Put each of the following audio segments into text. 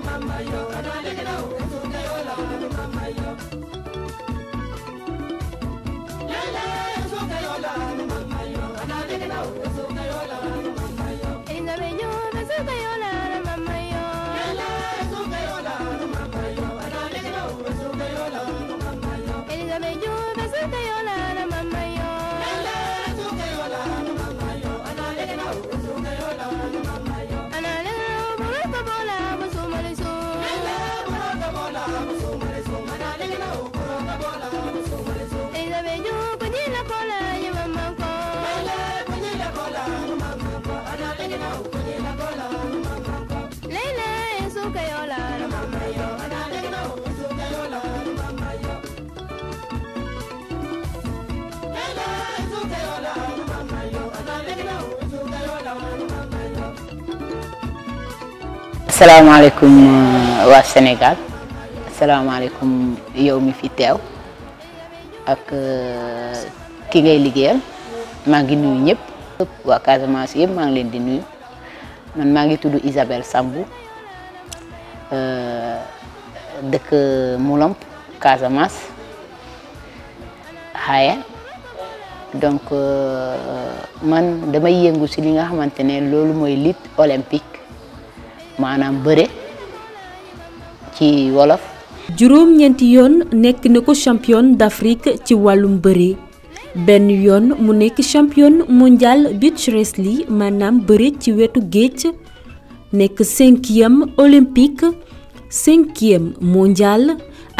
mama yo kadale kadao Assalamualaikum eh, waa Sénégal asalaamaaleykum yow mi fi ak ki ngay magi nu ngi nuyu ñëpp waa Casamance yëpp maa ngi di nuyu man maa ngi Isabel Sambu eh, dek dëkk Moulamp Casamance xaaya eh. donc man dama yengu ci li nga xamantene lolu moy lit olympique maanaam bëre wolof. juróom ñeenti yoon nekk na ko championne d'Afrique ci wàllum bëre benn yoon mu nekk championne mondial beach wrestling maanaam bëre ci wetu géej nekk cinquième olympique cinquième mondial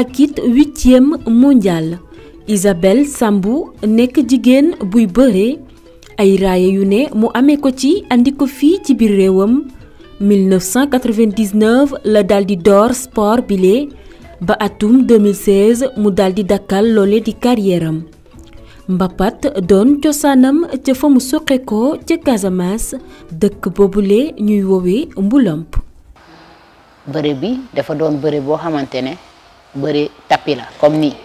ak it huitième mondial Isabelle Sambou nekk jigéen buy bëre ay raaya yu ne mu ame ko ci indi ko fii ci biir réewam. 1999 la daal di sport bilé ba atum 2016 mu daal di dakkal di carrière am mbapat doon cosaanam ca fa mu ko ca Casamance dëkk bobulé ñuy woowee mbulamp bëre bi dafa doon bëre bo xamante ne bëre la comme ni,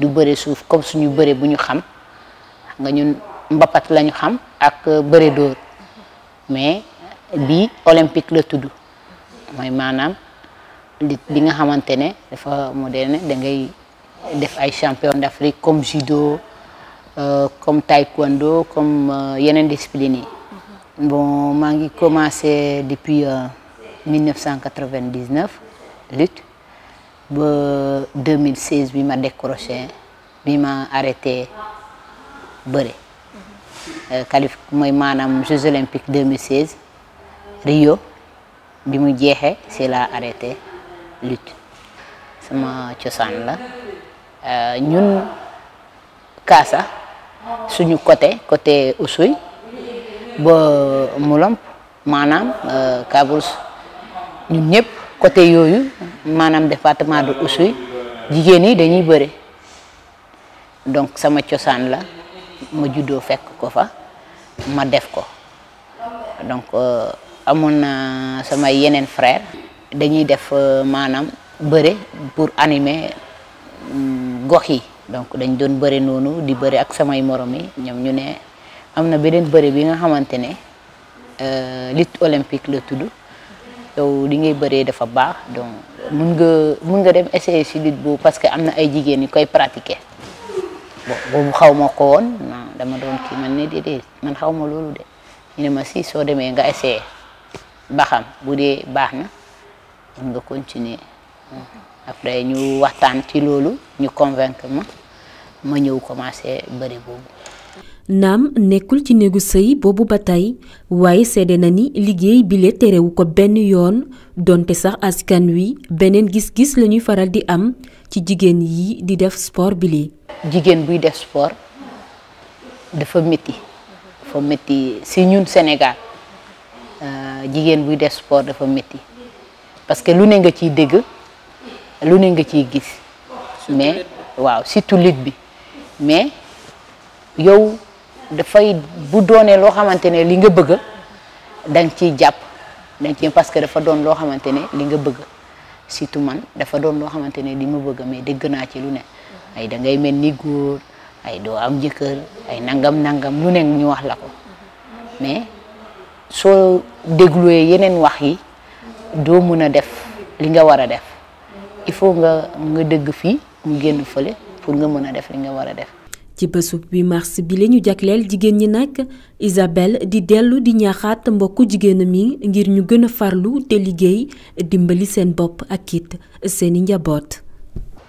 du bëre suuf comme suñu bëre bu ñu xam nga ñun mbapat lañu xam ak bëre dor, mais bi olympique la tudd moy manam nit bi nga xamantene dafa moderne champion d'Afrique comme judo euh, comme taekwondo comme euh, yenen discipline yi mhm. bon commencé depuis 1999 euh, lutte ba 2016 bi ma décroché bi ma arrêté suis mhm. qualif pour manam Jeux olympiques 2016 Rio bi mu jexé sila la arrêté lutte sama ciosan la euh, ñun kaasa suñu côté côté usuy ba mulamp manam euh, kabus ñun ñep côté yoyu manam département du usuy jigéni dañuy bëré donc sama ciosan la ma juddo fekk ko fa ma def ko donc euh, Amun na sama yenen frère dañuy def euh, manam beure pour animer mm, gokh yi donc dañ doon beure nonu di beure ak sama morom yi ñom ñu né amna na beure bi nga xamantene euh lutte olympique le tudu yow li ngay beure dafa baax donc mën nga mën nga dem essayer si lutte boobu parce que amna ay jigen yu koy pratiquer bo boobu xawma ko won dama doon ki man ne dede man xawma ma de ñu ma si so nga essayer ba xam bu dee baax na mun nga continuer après ñu waxtaan ci loolu ñu convaincre ma ma ñëw commencé bëri boobu. naam nekkul ci néegu sëy boobu ba tey waaye seede na ni liggéey bile terewu ko benn yoon donte sax askan wi beneen gis-gis lañuy faral di am ci jigéen yi di def sport bile. jigéen buy def sport dafa métti dafa métti si ñun Sénégal. Euh, jigéen buy def sport dafa métti parce que lu ne nga ci dégg lu ne nga ci gis mais waaw surtout lutte bi mais yow dafay bu doonee loo xamante ne li nga bëgg danga ciy jàpp danga ciy parce que dafa doon loo xamante ne li nga bëgg surtout man dafa doon loo xamante ne li ma bëgg mais dégg naa ci lu ne ay da ngay mel ni góor ay doo am jëkkër ay nangam nangam lu ne ñu wax la ko mais soo dégluwee yeneen wax yi doo mën a def li nga war a def il faut nga nga dëgg fii mu génn fële pour nga mën a def li nga war a def. ci bésu bi mars bi la ñu jagleel jigéen ñi nag Isabelle di dellu di ñaaxaat mbokku jigéen mi ngir ñu gën a farlu te liggéey dimbali seen bopp ak it seeni njaboot.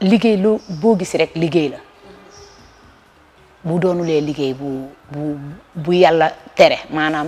liggéey lu boo gis rek liggéey la bu doonulee liggéey bu bu bu yàlla tere maanaam.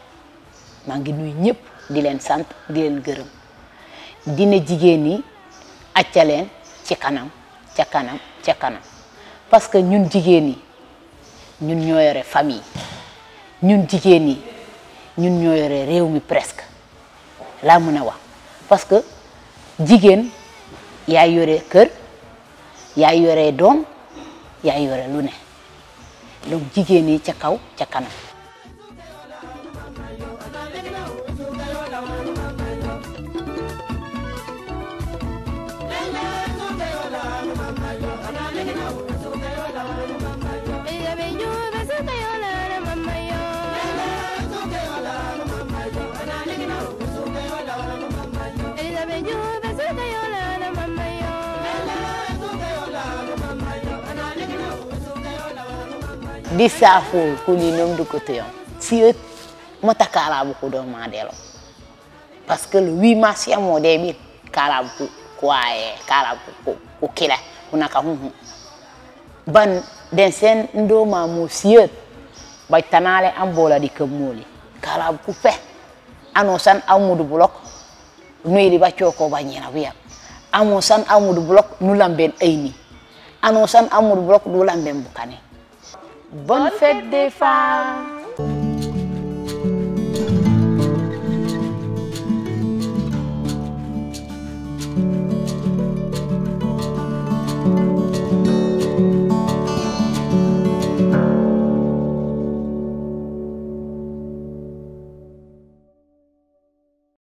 maa ngi nuyu ñëpp di leen sant di leen gërëm dina jigéen ñi acca leen ci kanam ca kanam ca kanam parce que ñun jigéen ñi ñun ñoo yore famille ñun jigéen ñi ñun ñoo yore réew mi presque laa mën a wax parce que jigéen yaay yore kër yaay yore doom yaay yore lu ne donc jigéen ñi ca kaw ca kanam. di saful kulinum du koteyon siet mata kalabu ko do delo parce que le 8 mars ya mo de kala kalabu ko kala kalabu ko ko kila ka hu ban den sen ndo ma mo siet ba tanale am bola di kemuli kalabu bu fe anosan amudu blok di ba coko ba nyina wiya san amudu blok ayni ano san amudu blok ben bukane Bonne, fête, des femmes.